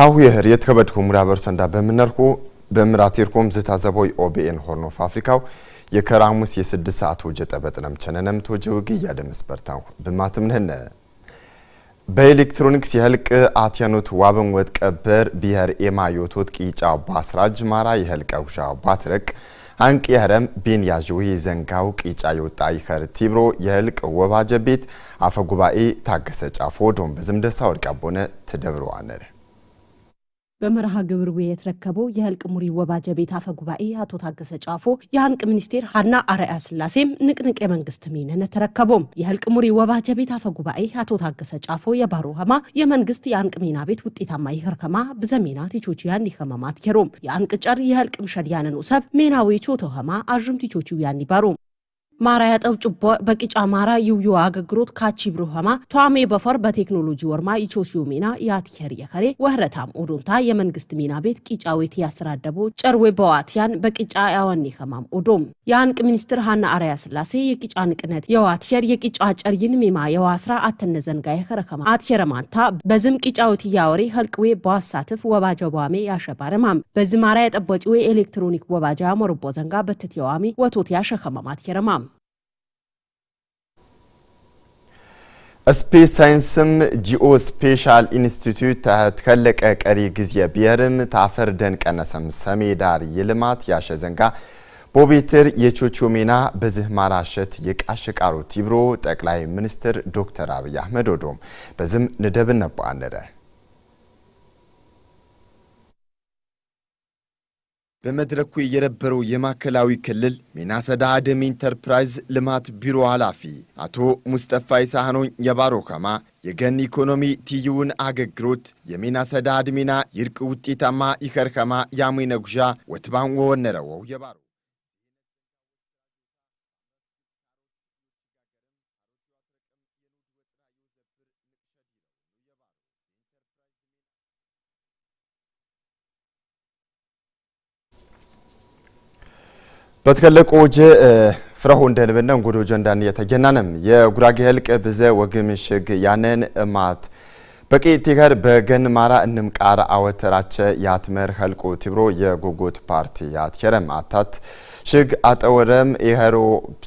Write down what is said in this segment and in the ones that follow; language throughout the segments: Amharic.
ታሁ የህር የተከበድኩ ምራበር ሰንዳ በምነርኩ በምራቴርኮም ዝታዘቦይ ኦቤኤን ሆርኖፍ አፍሪካው የከራሙስ የስድስት ሰዓት ወጀ ጠበጥነም ቸነነም ተወጀ ውግ እያደመስ በርታሁ ብማትምነነ በኤሌክትሮኒክስ የህልቅ አትያኖት ዋበን ወጥቀበር ብሔር ኤማዮቶት ቂጫ ባስራጅ ማራ የህልቀ ውሻ ባትረቅ አንቅ የህረም ቤን ያዥዌ ዘንጋው ቂጫ የወጣ ይኸር ቲብሮ የህልቅ ወባጀ ቤት አፈጉባኤ ታገሰ ጫፎ ዶም በዝምደሳ ወድቃ ቦነ ትደብረዋነን በመርሃ ግብር ግብሩ የተረከበው የህልቅ ሙሪ ወባጀ ቤት አፈ ጉባኤ አቶ ታገሰ ጫፎ የሀንቅ ሚኒስቴር ሀና አርአያ ስላሴም ንቅንቅ የመንግስት ሚንን ተረከቦም። የህልቅ ሙሪ ወባጀ ቤት አፈ ጉባኤ አቶ ታገሰ ጫፎ የባሮ ሀማ የመንግስት የሀንቅ ሚና ቤት ውጤታማ ይኸርከማ ብዘሜና ቲቾችያን ይኸመማት የሮም የአንቅ ጨር የህልቅ ምሸድ ያንን ውሰብ ሜናዊ ቾቶ ሀማ አዥም ቲቾችው ያን ይባሮም ማራ ያጠው ጭቦ በቂጫ ማራ ይውዩ አገግሮት ካቺ ብሩሃማ ቷሜ በፈር በቴክኖሎጂ ወርማ ይቾሹ ሚና ያትየር የከሬ ወህረታም ኦዶንታ የመንግስት ሚና ቤት ቂጫ ቤት ያስራደቦ ጨርዌ በዋትያን በቂጫ ያወኔ ከማም ኦዶም የአንቅ ሚኒስትር ሀና አርያ ስላሴ የቂጫ ንቅነት የዋትሄር የቂጫ ጨርይን ሚማ የዋስራ አተነዘንጋ የከረከማ አትየረማንታ በዝም ቂጫ ቤት እያወሬ ህልቅዌ በዋሳትፍ ወባጃ በዋሜ ያሸባረማም በዝም በዝማራ የጠበጭዌ ኤሌክትሮኒክ ወባጃ ሞርቦ ዘንጋ በትት የዋሜ ወቶት ያሸከማም አትሄረማም ስፔስ ሳይንስም ጂኦ ስፔሻል ኢንስቲትዩት ተከለቀ ቀሪ ጊዜ ብሔርም ታፈር ደን ቀነሰም ሰሜ ዳር የልማት ያሸ ዘንጋ ቦቤትር የቾቾ ሜና በዝህ ማራሸት የቃሽቃሮት ይብሮ ጠቅላይ ሚኒስትር ዶክተር አብይ አህመድ ወዶም በዝም ንደብን ነባ አነረ በመድረኩ የነበረው የማዕከላዊ ክልል ሜናሰዳ አደም ኢንተርፕራይዝ ልማት ቢሮ ኃላፊ አቶ ሙስጠፋ ይሳህኖኝ የባሮካማ የገን ኢኮኖሚ ትይውን አገግሮት የሜናሰዳ አድሜና ይርቅ ውጤታማ ይከርከማ ያሙነጉዣ ወትባን ወወነረወው የባሮ በትከለቆ ወጀ ፍራሆ እንደ ልበና እንጎዶ ጀንዳን የተገናነም የጉራጌ ህልቅ ብዘ ወግም ሽግ ያነን ማት በቂ ቲከር በገን ማራ እንም ቃር አወተራቸ ያትመር ህልቆ ቲብሮ የጎጎት ፓርቲ ያትከረም አታት ሽግ አጠወረም የኸሮ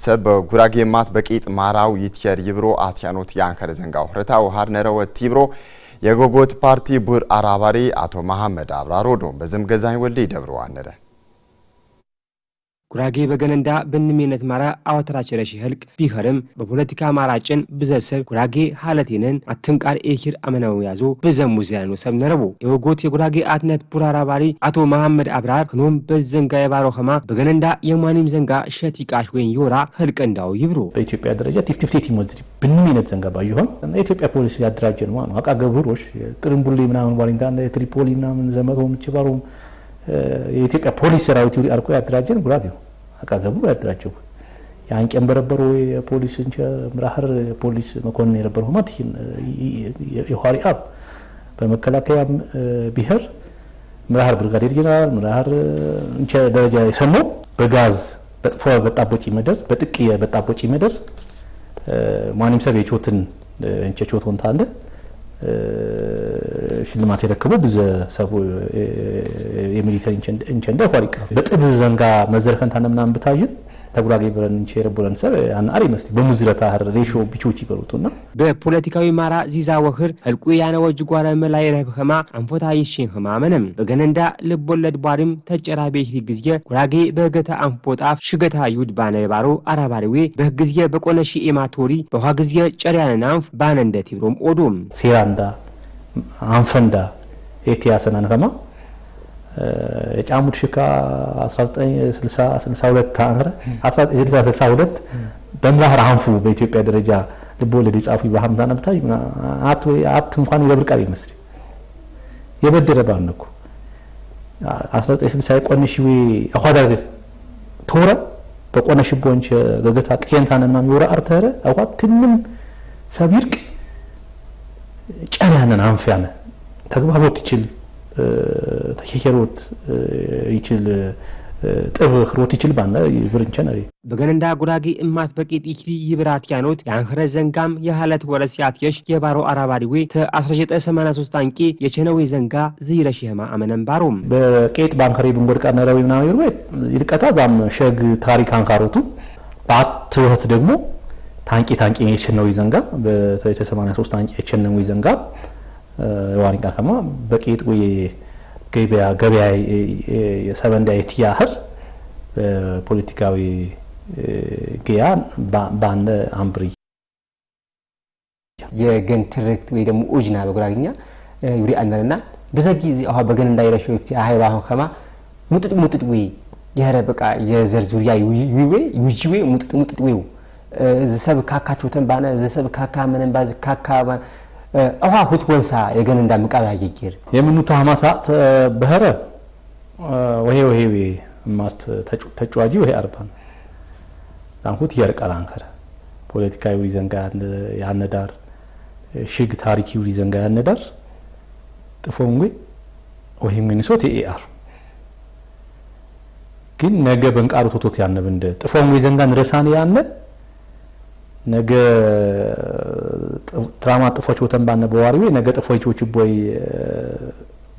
ሰብ ጉራጌ ማት በቂጥ ማራው ይትየር ይብሮ አትያኖት ያንከረ ዘንጋው ረታው ሀር ነረወ ቲብሮ የጎጎት ፓርቲ ቡር አራባሪ አቶ መሐመድ አብራሮዶ በዝም ገዛኝ ወልዴ ደብሮ አነረ ጉራጌ በገነንዳ ብንሜነት ማራ አወተራቸረሽ ህልቅ ቢኸርም በፖለቲካ አማራጭን ብዘሰብ ጉራጌ ሀለቴንን አትንቃር ኤኪር አመናዊ ያዞ ብዘሙ ዚያኑ ሰብ ነረቡ የወጎት የጉራጌ አትነት ቡራራ ባሪ አቶ መሐመድ አብራር ክኖም በዘንጋ የባሮ ኸማ በገነንዳ የማኒም ዘንጋ ሸቲቃሽ ወይን ዮራ ህልቅ እንዳው ይብሩ በኢትዮጵያ ደረጃ ቲፍቲፍቴት ይሞዝድ ብንሜነት ዘንጋ ባይሆን የኢትዮጵያ ፖሊስ ያደራጀ ነው አቃ ገብሮች ጥርምቡሌ ምናምን ባሪንታ ትሪፖሊ ምናምን ዘመቶም ችባሮም የኢትዮጵያ ፖሊስ ሰራዊት አርቆ ያደራጀን ጉራቢ አቃገቡ ያደራጀው ያን ቀንበረበሩ የፖሊስ እንጂ ምራህር ፖሊስ መኮንን የነበረው ማለት የኋሪ አብ በመከላከያ ብሔር ምራህር ብርጋዴር ጀነራል ምራህር እንቸ ደረጃ የሰሙ በጋዝ በጥፎ በጣቦጪ መደር በጥቂ በጣቦጪ መደር ማንም ሰብ የቾትን እንቸ ቾት ወንታ እንደ ሽልማት የረከቡ ብዙ ሰቡ የሚሊተሪ እንቸንደ ኳሪቅ በጥብ ዘንጋ መዘርፈን ታነ ምናምን ብታዩን ተጉራጌ ብረን እንቸር ብረን ሰብ አናሪ ይመስል በሙዝረታ ሀር ሬሾ ቢቾች ይበሩቱና በፖለቲካዊ ማራ ዚዛ ወህር እልቁ ያነ ወጅ ጓረ መላይ ረብ ኸማ አንፎታ ይሽን ህማ መንም በገነንዳ ልቦለድ ቧሪም ተጨራ ቤት ጊዜ ጉራጌ በገታ አንፎጣፍ ሽገታ ይውድ ባነ ባሮ አራባሪዌ በጊዜ በቆነሺ ኤማቶሪ በኋ ጊዜ ጨሪያነ አንፍ ባነ እንደ ቲብሮም ኦዶም ሴራንዳ አንፈንዳ ኤትያስን አንፈማ የጫሙት ሽካ 1962 በምራህር አንፉ በኢትዮጵያ ደረጃ ልቦለድ የጻፉ ነብታ አት እንኳን ይመስል የበደረ ባነኩ 1960 የቆነሽ በቆነሽ ቦንች ገገታ ሚወራ አርተረ አኳ ትንም ጨናንን አንፍያነ ተግባቦት ይችል ተሸሸሮት ይችል ጥብ ክሮት ይችል ባና ነ በገነንዳ ጉራጊ እማት በቂት ይችል ይብራት ያኖት የአንክረ ዘንጋም የሃለት ወረስ ያትየሽ የባሮ አራባሪዌ ተ1983 አንቂ የቸነዌ ዘንጋ ዝይረሽ የማ አመነን ባሮም በቄጥ ባንከሬ ብንጎድቃ ነረዊ ምናምን ይርቀታ ዛም ሸግ ታሪክ አንካሮቱ በአት ወህት ደግሞ ታንቂ ታንቂ ነው ይዘንጋ በተለይ ተሰማኒያ ታንቂ ታንቂ ነው ይዘንጋ የዋሪንቃ ከማ በቂጥ ወይ ገበያ ገበያ የሰበን ዳይ የትያህር ፖለቲካዊ ገያ ባንደ አምብሪ የገን ትርክት ወይ ደግሞ ኡጅና በጉራግኛ ዩሪ አንደና በዛ እዚ አሃ በገን እንዳይረሽው ወይ አሃይባ ባሁን ከማ ሙጥጥ ሙጥጥ ወይ የረ በቃ የዘር ዙሪያ ይዌ ይጅዌ ሙጥጥ ሙጥጥ ወይ ዝሰብ ካካ ቾተንባነ ዝሰብ ካካ ምንን ባዚ ካካ እዋ ሁት ወንሳ የገን እንዳ ምቃብ ያጌጌር የምኑ ሀማታ በህረ ወሄ ወሄ ማት ተጫዋጂ ወሄ አርባን ሁት የርቀል አንከረ ፖለቲካዊ ሪዘንጋ ያነዳር ሽግ ታሪኪ ሪዘንጋ ያነዳር ጥፎም ጉ ወሄ ሚኒሶት የኤአር ግን ነገ በንቃሩ ቶቶት ያነብ እንደ ጥፎም ዘንጋን ረሳን ያነ ነገ ትራማ ጥፎች ወተን ባነ በዋሪው ነገ ጥፎች ወች ቦይ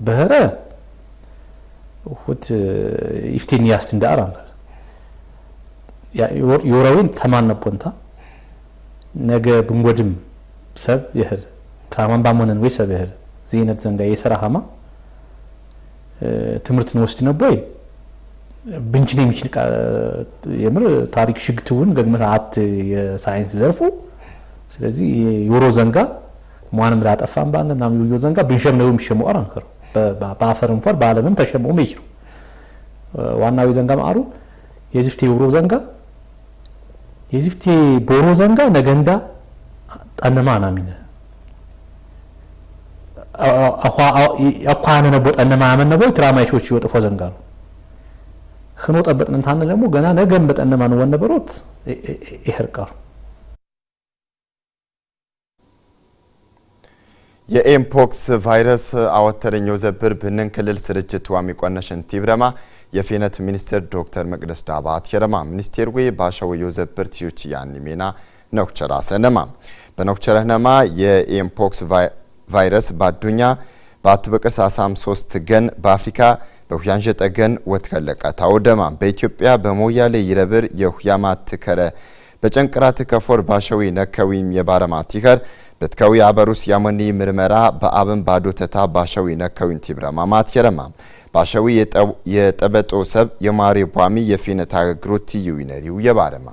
በህረ ሁት ኢፍቲን ያስት እንደ አራም ያ ዮራዊን ተማነቦንታ ነገ ብንጎድም ሰብ ይህር ትራማን ባሞነን ወይ ሰብ ይህል ዚነት ዘንጋ የሰራ ሀማ ትምህርትን ወስድ ቦይ ብንችን የሚችል የምር ታሪክ ሽግትውን ገግመት አት የሳይንስ ዘርፉ ስለዚህ የዮሮ ዘንጋ ማንም ላጠፋም ባለ ምናምን ዮሮ ዘንጋ ብንሸም ነው አራ ነበር በአፈር እንኳን በዓለምም ተሸመው ይች ነው ዋናዊ ዘንጋ ማሩ የዚፍቴ ዮሮ ዘንጋ የዚፍቴ ቦሮ ዘንጋ ነገንዳ ጠነማ ናሚነ አኳ አኳ ነቦ ጠነማ ያመነበው ትራማይቾች ይወጥፎ ዘንጋ ነው ህኖ ጠበጥን እንታን ደግሞ ገና ነገን በጠነማን ወነበሮት ይህርቃሩ የኤምፖክስ ቫይረስ አወተረኛው ዘብር ብንን ክልል ስርጭት ዋሚ ቆነሽን ቲብረማ የፌነት ሚኒስቴር ዶክተር መቅደስ ዳባ ቴረማ ሚኒስቴር ዌ ባሻወዮ የዘብር ቲዩች ያን ሜና ነኩቸራ ሰነማ በነኩቸራ ነማ የኤምፖክስ ቫይረስ ባዱኛ በአትበቅር አሳም ሶስት ገን በአፍሪካ በሁያንሸጠገን ወትከለቃ ታወደማ በኢትዮጵያ በሞያሌ ይረብር የሁያማት ከረ በጨንቅራት ከፎር ባሸዊ ነከዊም የባረማ ቲከር በትከዊ አበሩስ ያሞኒ ምርመራ በአብን ባዶ ተታ ባሸዊ ነከዊን ቲብረማ ማትየረማ ባሸዊ የጠበጦ ሰብ የማሪ ቧሚ የፊነት አገግሮ ትዩ ይነሪው የባረማ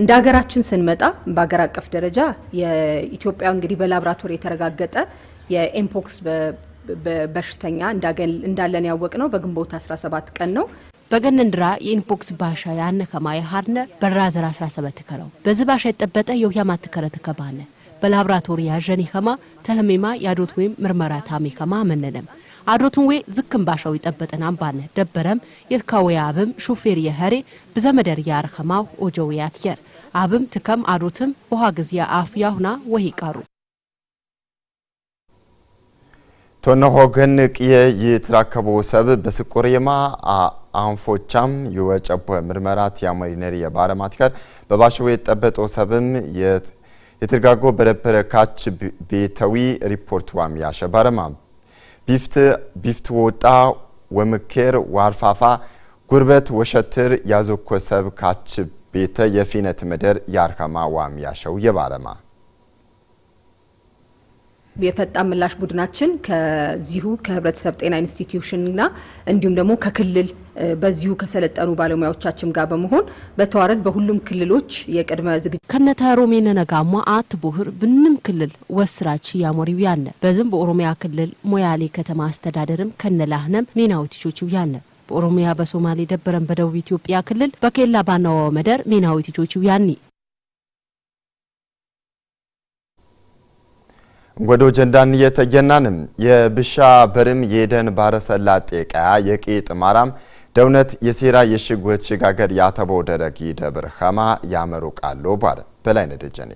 እንደ ሀገራችን ስንመጣ በሀገር አቀፍ ደረጃ የኢትዮጵያ እንግዲህ በላብራቶሪ የተረጋገጠ የኤምፖክስ በሽተኛ እንዳለን ያወቅ ነው በግንቦት 17 ቀን ነው። በገንንድራ የኢንፖክስ ባሻ ያነ ከማ ሀርነ በራዘር 17 ከረው በዚህ ባሻ የጠበጠ የውያማ ትከረ ተከባነ በላብራቶሪ ያዠኒ ከማ ተህሜማ ያዶት ወይም ምርመራ ታሚ ከማ መነለም አዶቱን ዌ ዝክም ባሻው የጠበጠን አምባነ ደበረም የትካወያ አብም ሹፌር የኸሬ ብዘመደር ያርከማው ኦጆው ያትየር አብም ትከም አዶትም በኋ ጊዜ አፍ ያሁና ወሂ ቃሩ ቶነ ሆገን ቅየ ይትራከቦ ሰብ በስቆሬማ አንፎቻም ይወጨቦ ምርመራት ያመሪነሪ የባረማት ጋር በባሽቦ የጠበጦ ሰብም የትርጋጎ በረበረ ካች ቤተዊ ሪፖርት ዋም ያሸ ባረማ ቢፍት ቢፍት ወጣ ወምኬር ዋርፋፋ ጉርበት ወሸትር ያዞኮ ሰብ ካች ቤተ የፊነት ምድር ያርከማ ዋም ያሸው የባረማ የፈጣን ምላሽ ቡድናችን ከዚሁ ከህብረተሰብ ጤና ኢንስቲትዩሽንና እንዲሁም ደግሞ ከክልል በዚሁ ከሰለጠኑ ባለሙያዎቻችን ጋር በመሆን በተዋረድ በሁሉም ክልሎች የቅድመ ዝግጅት ከነተ ሮሜነ ነጋማ ማአት ቡህር ብንም ክልል ወስራች ያሞሪው ያነ በዝም በኦሮሚያ ክልል ሞያሌ ከተማ አስተዳደርም ከነላህነም ሜናዊቲቾችው ያነ በኦሮሚያ በሶማሌ ደበረን በደቡብ ኢትዮጵያ ክልል በኬላ ባናዋ መደር ሜናዊቲቾችው ያኒ እንጎዶ ጀንዳን የተገናንም የብሻ በርም የደን ባረሰላጤ ቀያ የቄጥ ማራም ደውነት የሴራ የሽጉት ሽጋገር ያተቦ ደረግ ደብር ኸማ ያመሩ ቃሎ ባረ በላይነህ ደጀኔ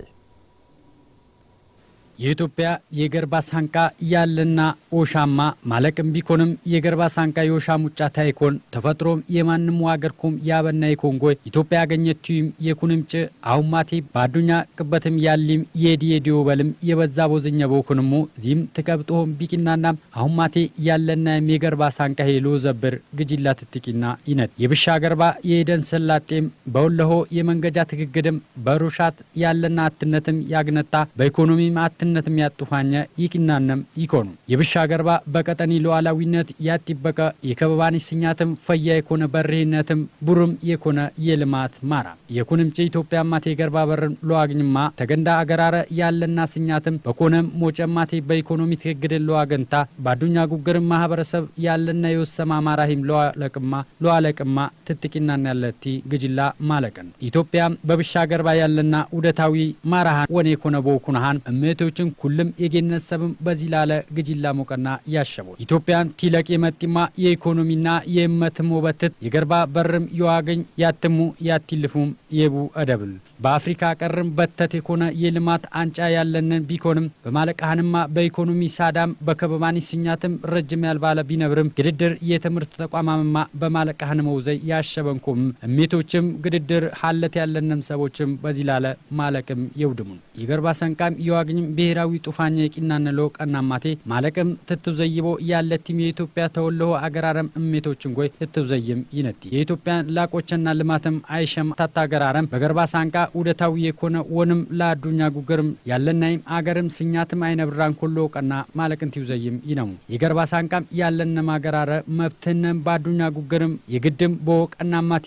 የኢትዮጵያ የገርባ ሳንቃ ያለና ኦሻማ ማለቅም ቢኮንም የገርባ ሳንቃ የኦሻ ሙጫ ታይኮን ተፈጥሮም የማንም ዋገር ኮም ያበና የኮንጎይ ኢትዮጵያ ያገኘትዩም የኩንምጭ አሁማቴ በአዱኛ ቅበትም ያሊም የዲየዲዮ በልም የበዛ ቦዝኘ በኩንሙ ዚም ትቀብጦም ቢቂናናም አሁማቴ ያለና የገርባ ሳንቃ ሄሎ ዘብር ግጅላ ትትቂና ይነት የብሻ ገርባ የደን ሰላጤም በውለሆ የመንገጃ ትግግድም በሩሻት ያለና አትነትም ያግነታ በኢኮኖሚም አት ኃላፊነት የሚያጥፋኘ ይቅናነም ይኮኑ የብሻ ገርባ በቀጠኒ ሉዓላዊነት ያጢበቀ የከበባኒ ስኛትም ፈያ የኮነ በርህነትም ቡርም የኮነ የልማት ማራ የኩንምጭ ኢትዮጵያ ማቴ ገርባ በርም ሉዋግኝማ ተገንዳ አገራረ ያለና ስኛትም በኮነም ሞጨም ማቴ በኢኮኖሚ ትግግድን ሉዋገንታ ባዱኛ ጉግርም ማህበረሰብ ያለና የወሰማ ማራሂም ሉዋለቅማ ለዋለቅማ ትጥቂናና ያለቲ ግጅላ ማለቅን ኢትዮጵያ በብሻ ገርባ ያለና ውደታዊ ማራሃን ወኔ የኮነ ቦኩናሃን እምቶች ሰዎችን ኩልም የጌነት ሰብም በዚህ ላለ ግጅላ ሞቀና ያሸቡ ኢትዮጵያን ቲለቅ የመጢማ የኢኮኖሚና የእመትም ወበትት የገርባ በርም የዋገኝ ያትሙ ያትልፉም የቡ አደብል በአፍሪካ ቀርም በተት የኮነ የልማት አንጫ ያለንን ቢኮንም በማለቃህንማ በኢኮኖሚ ሳዳም በከበባኒ ስኛትም ረጅም ያልባለ ቢነብርም ግድድር የትምህርት ተቋማምማ በማለቃህን መውዘይ ያሸበንኩም እሜቶችም ግድድር ሀለት ያለንም ሰቦችም በዚህ ላለ ማለቅም የውድሙን የገርባ ሰንቃም የዋገኝም ብሔራዊ ጡፋኝ የቂናን ለወቀና ማቴ ማለቅም ትትብ ዘይቦ ያለትም የኢትዮጵያ ተወለሆ አገራረም እሜቶችን ጎይ ትትብ ዘይም ይነቲ የኢትዮጵያን ላቆችና ልማትም አይሸም ታታ አገራረም በገርባ ሳንቃ ውደታዊ የኮነ ወንም ለአዱኛ ጉግርም ያለናይም አገርም ስኛትም አይነብራን ኮሎ ቀና ማለቅን ዘይም ይነሙ የገርባ ሳንቃም ያለነም አገራረ መብትነም በአዱኛ ጉግርም የግድም በወቀና ማቴ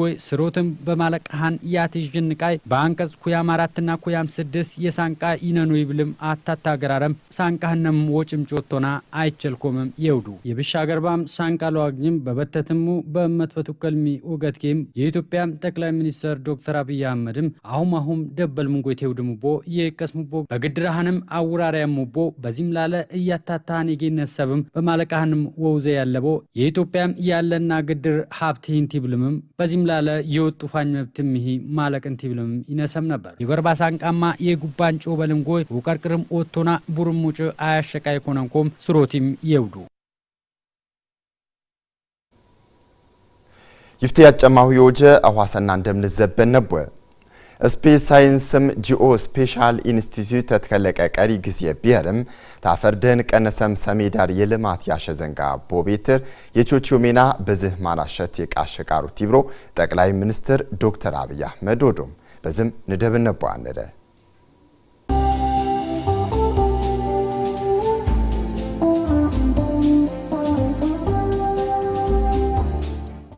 ጎይ ስሮትም በማለቅሃን ያትዥንቃይ በአንቀጽ ኩያም አራትና ኩያም ስድስት የሳንቃ ይነኑ ይብል ፊልም አታታገራረም ሳንቃህነም ወጭም ጮቶና አይቸልኮምም የውዱ የብሻ ገርባም ሳንቃ ለዋግኝም በበተትሙ በእመት በቱከልሚ ወገትኬም የኢትዮጵያ ጠቅላይ ሚኒስትር ዶክተር አብይ አህመድም አሁም አሁም ደበል ምንጎቴ ውድሙቦ የቀስሙቦ በግድራህንም አውራሪያ ሙቦ በዚህም ላለ እያታታህን የጌነሰብም በማለቃህንም ወውዘ ያለቦ የኢትዮጵያም ያለና ግድር ሀብትህን ቲብልምም በዚህም ላለ የወጡፋኝ መብትምሂ ማለቅን ቲብልምም ይነሰም ነበር የገርባ ሳንቃማ የጉባንጮ በልንጎይ ቀርቅርም ኦቶና ውጭ አያሸቃይ ኮነንኮም ስሮቲም የውዱ ይፍቴ ያጨማሁ የወጀ አዋሰና እንደምንዘበን ነበር ስፔስ ሳይንስም ጂኦ ስፔሻል ኢንስቲትዩት ተትከለቀ ቀሪ ጊዜ ቢሄርም ታፈርደን ቀነሰም ሰሜዳር የልማት ያሸ ዘንጋ ቦቤትር የቾቺዮ ሜና በዝህ ማላሸት የቃሸቃሩ ቲብሮ ጠቅላይ ሚኒስትር ዶክተር አብይ አህመድ ወዶም በዝም ንደብን ነበር አንደ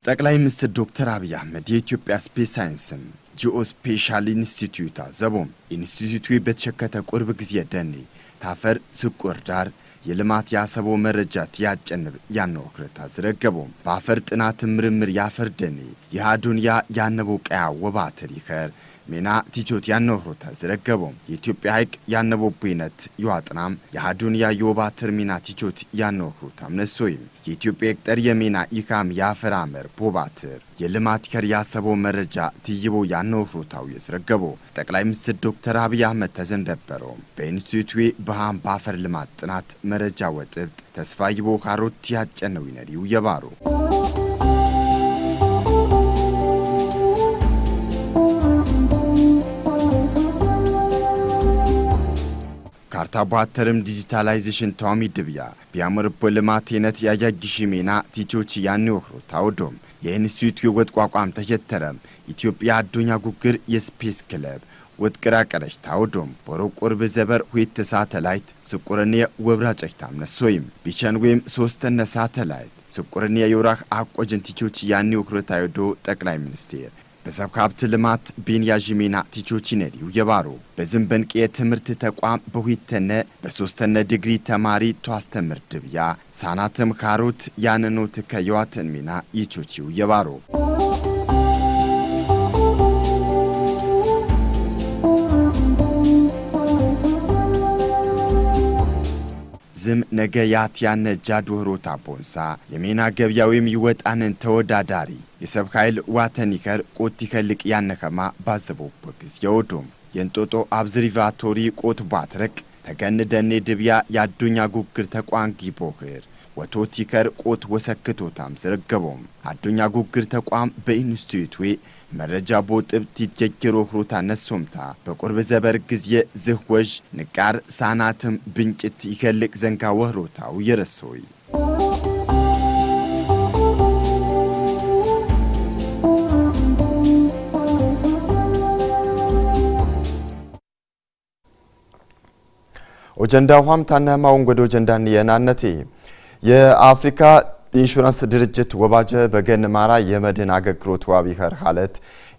ጠቅላይ ሚኒስትር ዶክተር አብይ አህመድ የኢትዮጵያ ስፔስ ሳይንስም ጂኦስፔሻል ኢንስቲትዩት አዘቦም ኢንስቲትዩቱ በተሸከተ ቁርብ ጊዜ ደኔ ታፈር ስቁር ዳር የልማት ያሰቦ መረጃት ያጨንብ ያነወክረት አዝረገቦም በአፈር ጥናት ምርምር ያፈር ደኔ የሃዱንያ ያነቦ ቀያ ወባትር ይኸር ሜና ቲቾት ያነሆ ተዝረገቦ የኢትዮጵያ ሀይቅ ያነቦብነት ይዋጥናም የሃዱን ያዮ ተርሚና ሜና ቲቾት ያነሆ ታምነሶይም የኢትዮጵያ ቅጠር የሜና ይካም ያፈራመር ቦባትር የልማት ከር ያሰቦ መረጃ ትይቦ ያነሆታው የዝረገቦ ጠቅላይ ሚኒስትር ዶክተር አብይ አህመድ ተዘንደበሮ በኢንስቲትዩትዌ በሃም ባፈር ልማት ጥናት መረጃ ወጥብጥ ተስፋ ይቦ ካሮት ያጨነው ይነሪው የባሩ ተባተርም ዲጂታላይዜሽን ተዋሚ ድብያ ቢያምርቦ ልማቴነት ያጃጊሽ ሜና ቲቾች ያን ወክሮ ታውዶም የኢንስቲትዩት የወጥ ቋቋም ተሸተረም ኢትዮጵያ አዶኛ ጉግር የስፔስ ክለብ ወጥ ቅራቀረች ታውዶም ቦሮ ቁርብ ዘበር ሁይት ሳተላይት ስቁርኔ ወብራ ጨይታም ነሶይም ቢቸን ወይም ሶስተነ ሳተላይት ስቁርኔ የውራህ አቆጀን ቲቾች ያን ወክሮ ታውዶ ጠቅላይ ሚኒስቴር በሰብ ሀብት ልማት ቤንያዥሜና ነዲው የባሮ በዝንበንቄ የትምህርት ተቋም በሁተነ በሶስተነ ዲግሪ ተማሪ ቷስተምር ድብያ ሳናትም ካሮት ያንኖት ከየዋትን ሚና ይቾቺው የባሮ ዝም ነገ ያትያነ ጃዶህሮ ታቦንሳ የሜና ገብያዊም ይወጣንን ተወዳዳሪ የሰብ ኃይል ዋተኒከር ይከልቅ ያነኸማ ባዘቦብ ጊዜ የወዶም የእንጦጦ አብዘርቫቶሪ ቆት ባትረቅ ተገን ደኔ ድብያ ያዱኛ ጉግር ተቋንጊ ቦኽር ወቶ ቲከር ቆት ወሰክቶታም ዘረገበውም አዱኛ ጉግር ተቋም በኢንስቲትዩት ወይ መረጃ ቦጥብ የኪሮ ሁሩታ ነሶምታ በቁርብ ዘበር ጊዜ ዝህወዥ ንቃር ሳናትም ብንጭት ይከልቅ ዘንጋ ወህሮታው የረሶይ ኦጀንዳ ውሃም ታናማውን ወደ ኦጀንዳን የናነቴ የአፍሪካ ኢንሹራንስ ድርጅት ወባጀ በገን ማራ የመድን አገልግሎት ዋቢ ኸር ሀለት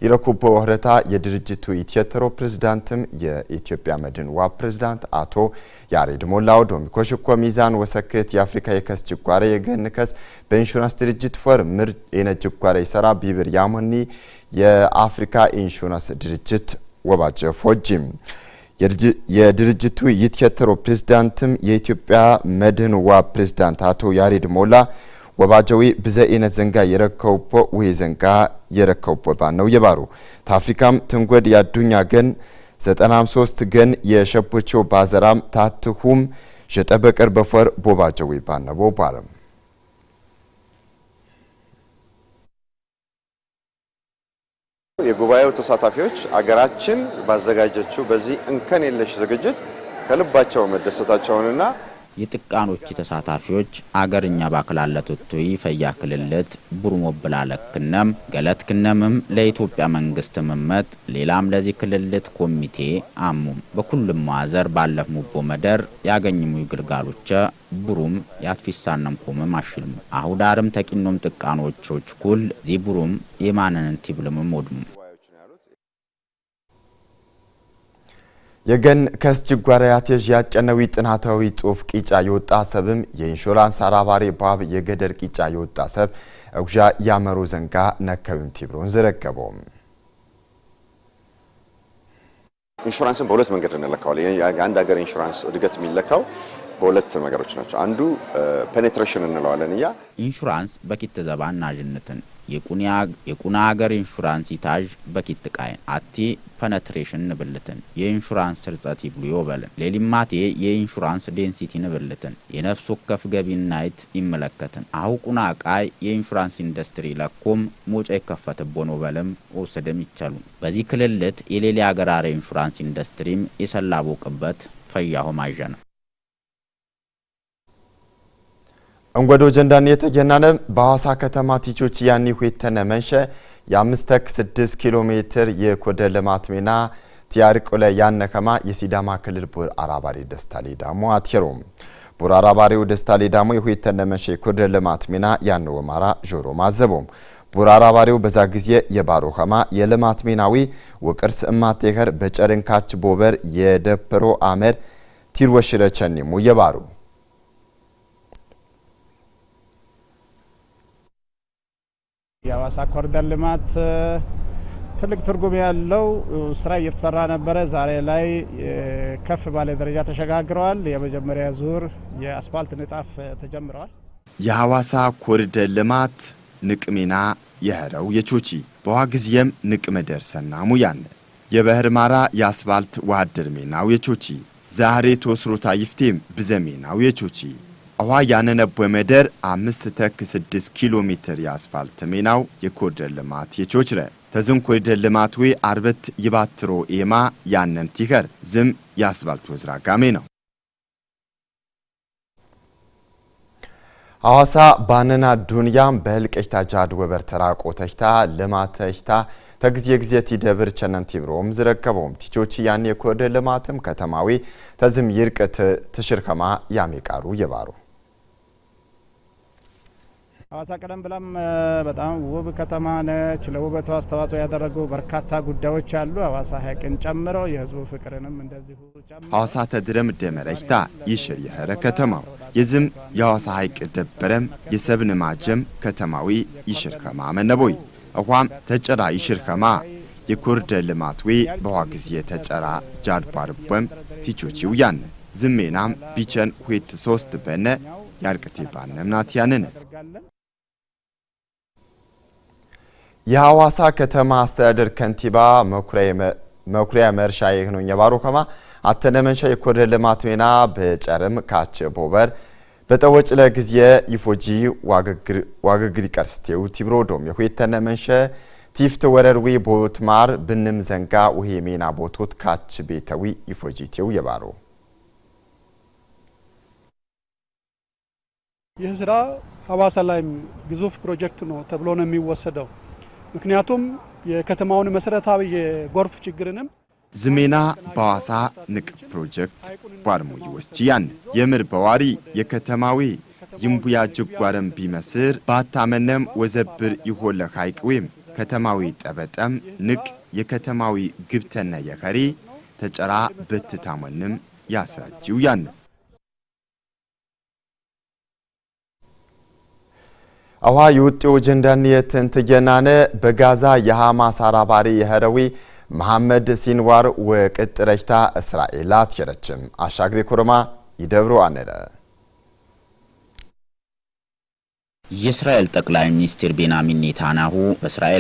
ኢረኩቦ ወህረታ የድርጅቱ ኢትየተሮ ፕሬዝዳንትም የኢትዮጵያ መድን ዋ ፕሬዝዳንት አቶ ያሬድ ሞላው ዶሚኮሽኮ ሚዛን ወሰክት የአፍሪካ የከስ ጅጓሬ የገን ከስ በኢንሹራንስ ድርጅት ፎር ምር የነ ጅጓሬ ይሰራ ቢብር ያሞኒ የአፍሪካ ኢንሹራንስ ድርጅት ወባጀ ፎጂም የድርጅቱ ይትከተሮ ፕሬዝዳንትም የኢትዮጵያ መድህን ዋ ፕሬዝዳንት አቶ ያሬድ ሞላ ወባጀዊ ብዘኢነት ዘንጋ የረከውቦ ወይ ዘንጋ የረከውቦ ባን ነው የባሩ ታፍሪካም ትንጎድ ያዱኛ ገን 93 ገን የሸቦቾ ባዘራም ታትሁም ሸጠበቀር በፈር ቦባጀዊ ባን ነው ባረም የጉባኤው ተሳታፊዎች አገራችን ባዘጋጀችው በዚህ እንከን የለሽ ዝግጅት ከልባቸው መደሰታቸውንና የጥቃኖች ተሳታፊዎች አገርኛ ባክላለትቱይ ፈያ ክልልት ቡርሞ ብላለክነም ገለትክነምም ለኢትዮጵያ መንግስት ምመት ሌላም ለዚህ ክልልት ኮሚቴ አሙም በኩልም ማዘር ባለፍ ሙቦ መደር ያገኝሙ ግልጋሎቸ ቡሩም ያትፊሳነም ኮምም አሽልሙ አሁዳርም ተቂኖም ጥቃኖቾች ኩል ዚህ ቡሩም የማንንን ቲብልምም ወድሙ የገን ከስጅ ጓራያት ያጨነዊ ጥናታዊ ጡፍ ቂጫ የወጣ ሰብም የኢንሹራንስ አራባሪ ባብ የገደር ቂጫ የወጣ ሰብ እጉዣ ያመሩ ዘንጋ ነከብም ቲብሮን ዘረገበውም ኢንሹራንስን በሁለት መንገድ እንለካዋል። የአንድ ሀገር ኢንሹራንስ እድገት የሚለካው በሁለት ነገሮች ናቸው። አንዱ ፔኔትሬሽን እንለዋለን እያ ኢንሹራንስ በኪት ዘባ ናዥነትን የቁና ሀገር ኢንሹራንስ ኢታዥ በኪት ቃይን አቲ ፐነትሬሽን ንብልትን የኢንሹራንስ ስርጸት ይብሉ ይወበልን ሌሊማቴ የኢንሹራንስ ዴንሲቲ ንብልትን የነፍስ ወከፍ ናይት ይመለከትን አሁ ቁና ቃይ የኢንሹራንስ ኢንዱስትሪ ለኩም ሞጨ ይከፈትቦን ወበልም ወሰደም ይቻሉ በዚህ ክልልት የሌሊ ሀገራሪ ኢንሹራንስ ኢንዱስትሪም የሰላቦቅበት ፈያሆ ማዣ ነው። እንጎዶ ጀንዳን የተገናነ በሐዋሳ ከተማ ቲቾች ያኒ ሆተነ መንሸ የአምስተክ ስድስት ኪሎ ሜትር የኮደ ልማት ሜና ቲያርቆለ ያነ ከማ የሲዳማ ክልል ቡር አራባሪ ደስታ ሌዳሞ አትሄሮም ቡር አራባሪው ደስታ ሌዳሞ የሆተነ መንሸ የኮደ ልማት ሜና ያነ ወማራ ጆሮ ማዘቦም ቡር አራባሪው በዛ ጊዜ የባሮ ከማ የልማት ሜናዊ ውቅርስ እማቴኸር በጨርንካች ቦበር የደፕሮ አመር ቲርወሽረቸኒሙ የባሩ የአዋሳ ኮሪደር ልማት ትልቅ ትርጉም ያለው ስራ እየተሰራ ነበረ። ዛሬ ላይ ከፍ ባለ ደረጃ ተሸጋግረዋል። የመጀመሪያ ዙር የአስፋልት ንጣፍ ተጀምረዋል። የሐዋሳ ኮሪደር ልማት ንቅሚና የኸረው የቾቺ በዋ ጊዜም ንቅመ ደርሰና ሙያን የበህር ማራ የአስፋልት ዋድር ሜናው የቾቺ ዛሬ ተወስሮታ ይፍቴም ብዘሜናው የቾቺ አዋ ያነነብ መደር አምስት ተክ ስድስት ኪሎ ሜትር የአስፋልት ሜናው የኮሪደር ልማት የቾችረ ተዝም ኮሪደር ልማት ዌ አርበት ይባትሮ ኤማ ያነን ቲከር ዝም የአስፋልት ወዝራ ጋሜ ነው አዋሳ ባነና ዱንያም በህልቀይታ ጃድ ወበር ተራቆ ተሽታ ልማት ተሽታ ተጊዜ ጊዜ ቲደብር ቸነን ቲብሮም ዝረከበውም ቲቾች ያን የኮሪደር ልማትም ከተማዊ ተዝም ይርቅ ትሽርከማ ያሜቃሩ የባሩ ሀዋሳ ቀደም ብላም በጣም ውብ ከተማ ነች። ለውበቱ አስተዋጽኦ ያደረጉ በርካታ ጉዳዮች አሉ። ሀዋሳ ሀይቅን ጨምሮ የህዝቡ ፍቅርንም እንደዚሁ ሀዋሳ ተድረም ረጅታ ይሽር የኸረ ከተማው የዝም የሐዋሳ ሀይቅ ደበረም የሰብን ማጀም ከተማዊ ይሽር ከማ መነቦይ እኳም ተጨራ ይሽር ከማ የኩርደ ልማትዌ በዋ ጊዜ ተጨራ ጃድባርቦም ቲቾቺው ያን ዝሜናም ቢቸን ሁት ሶስት በነ የአርቅቲ ባነ ምናት ያንን የሐዋሳ ከተማ አስተዳደር ከንቲባ መኩሪያ መርሻ የህኖኝ የባሮ ከማ አተነመንሻ የኮሪደር ልማት ሜና በጨርም ካቸ ቦበር በጠወጭ ለጊዜ ይፎጂ ዋግግር ይቀርስቴው ቲብሮ ዶም የሁየተነ መንሸ ቲፍት ወረርዊ ቦትማር ብንም ዘንጋ ውሄ ሜና ቦቶት ካች ቤተዊ ይፎጂቴው የባሮ ይህ ስራ ሀዋሳ ላይም ግዙፍ ፕሮጀክት ነው ተብሎ ነው የሚወሰደው። ምክንያቱም የከተማውን መሰረታዊ የጎርፍ ችግርንም ዝሜና በዋሳ ንቅ ፕሮጀክት ቧርሙ ያን የምር በዋሪ የከተማዊ ይምቡያ ጅጓረን ቢመስር ባታመነም ወዘብር ይሆለ ሀይቅ ወይም ከተማዊ ጠበጠም ንቅ የከተማዊ ግብተነ የኸሪ ተጨራ በትታመንም ያስራጅው ያን አውሃ የውጤው ጀንዳን የትንትየናነ በጋዛ የሐማስ አራባሪ የኸረዊ መሐመድ ሲንዋር ወቅጥረሽታ እስራኤል የረችም አሻግሪ ኩርማ ይደብሩ አነለ የእስራኤል ጠቅላይ ሚኒስትር ቤንያሚን ኔታንያሁ በእስራኤል